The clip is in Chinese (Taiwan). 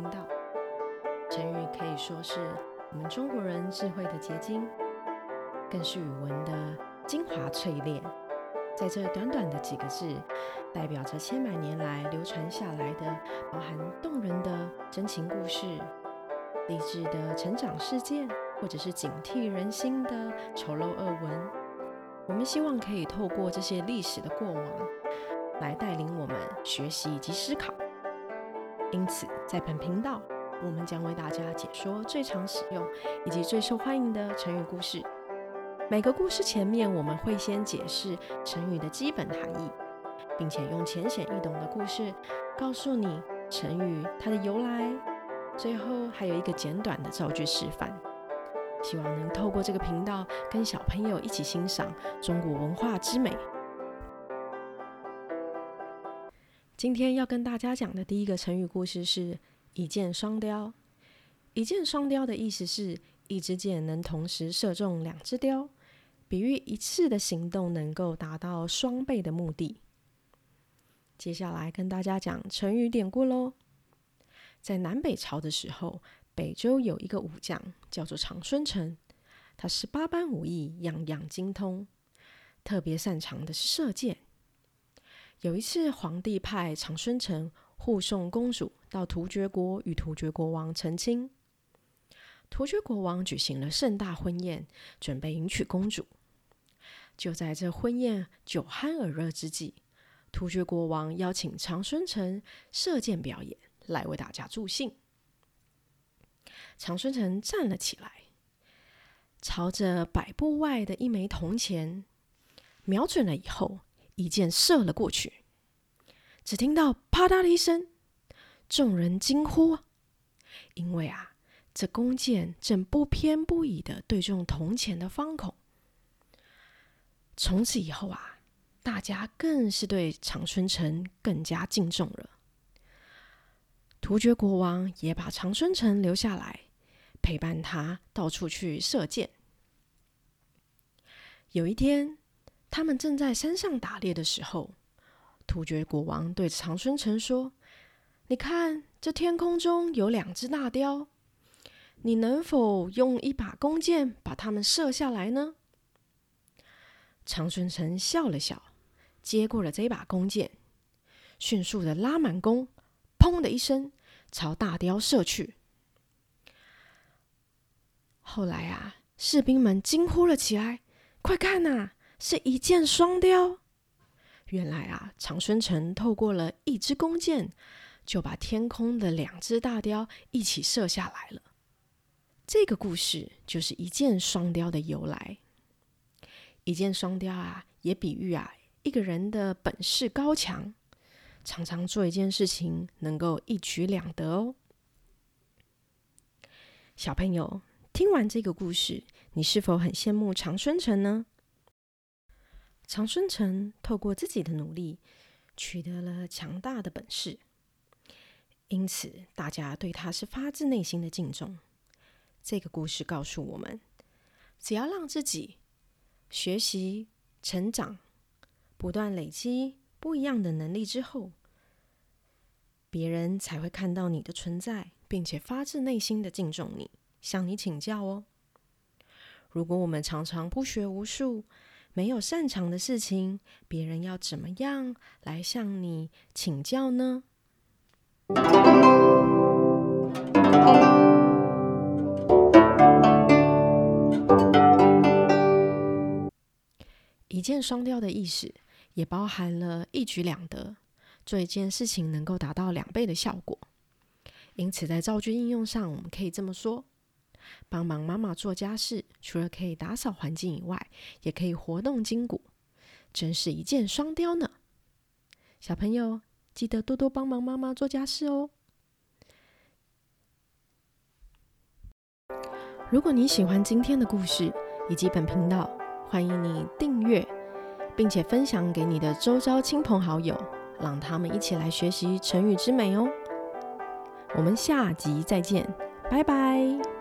聽到成語可以說是我們中國人智慧的結晶，更是語文的精華淬煉。在這短短的幾個字，代表着千百年來流傳下來的包含動人的真情故事、勵志的成長事件，或者是警惕人心的醜陋惡聞。我們希望可以透過這些歷史的過往，來帶領我們學習以及思考。因此，在本頻道，我們將為大家解說最常使用以及最受歡迎的成語故事。每個故事前面，我們會先解釋成語的基本含義，並且用淺顯易懂的故事告訴你成語它的由來。最後，還有一個簡短的造句示範。希望能透過這個頻道，跟小朋友一起欣賞中國文化之美。今天要跟大家講的第一個成語故事是“一箭雙鵰”。一箭雙鵰的意思是一支箭能同時射中兩隻鵰，比喻一次的行動能夠達到雙倍的目的。接下來跟大家講成語典故嘍。在南北朝的時候，北周有一個武將叫做長孫晟，他十八般武藝樣樣精通，特別擅長的是射箭。有一次，皇帝派長孫晟護送公主到突厥國與突厥國王成親。突厥國王舉行了盛大婚宴，準備迎娶公主。就在這婚宴酒酣耳熱之際，突厥國王邀請長孫晟射箭表演，來為大家助興。長孫晟站了起來，朝着百步外的一枚銅錢瞄準了以後。一箭射了過去，只聽到“啪嗒”的一聲，眾人驚呼，因為啊，這弓箭正不偏不倚地對中銅錢的方孔。從此以後啊，大家更是對長春城更加敬重了。突厥國王也把長春城留下來，陪伴他到處去射箭。有一天。他們正在山上打獵的時候，突厥國王對長孫城說：“你看，這天空中有兩隻大雕，你能否用一把弓箭把它們射下來呢？”長孫城笑了笑，接過了這把弓箭，迅速的拉滿弓，砰的一聲朝大雕射去。後來啊，士兵們驚呼了起來：“快看吶！啊！”是一箭雙鵰。原來啊，長孫晟透過了一支弓箭，就把天空的兩隻大鵰一起射下來了。這個故事就是一箭雙鵰的由來。一箭雙鵰啊，也比喻啊，一個人的本事高強，常常做一件事情能夠一舉兩得哦。小朋友，聽完這個故事，你是否很羨慕長孫晟呢？長孫晟透過自己的努力，取得了強大的本事，因此大家對他是發自內心的敬重。這個故事告訴我們，只要讓自己學習、成長，不斷累積不一樣的能力之後，別人才會看到你的存在，並且發自內心的敬重你，向你請教哦。如果我們常常不學無術，沒有擅長的事情，別人要怎麼樣來向你請教呢？一箭雙雕的意思也包含了一舉兩得，做一件事情能夠達到兩倍的效果。因此，在造句應用上，我們可以這麼說。幫忙媽媽做家事，除了可以打掃環境以外，也可以活動筋骨，真是一箭雙雕呢。小朋友，記得多多幫忙媽媽做家事哦。如果你喜歡今天的故事以及本頻道，歡迎你訂閱，並且分享給你的周遭親朋好友，讓他們一起來學習成語之美哦。我們下集再見，拜拜。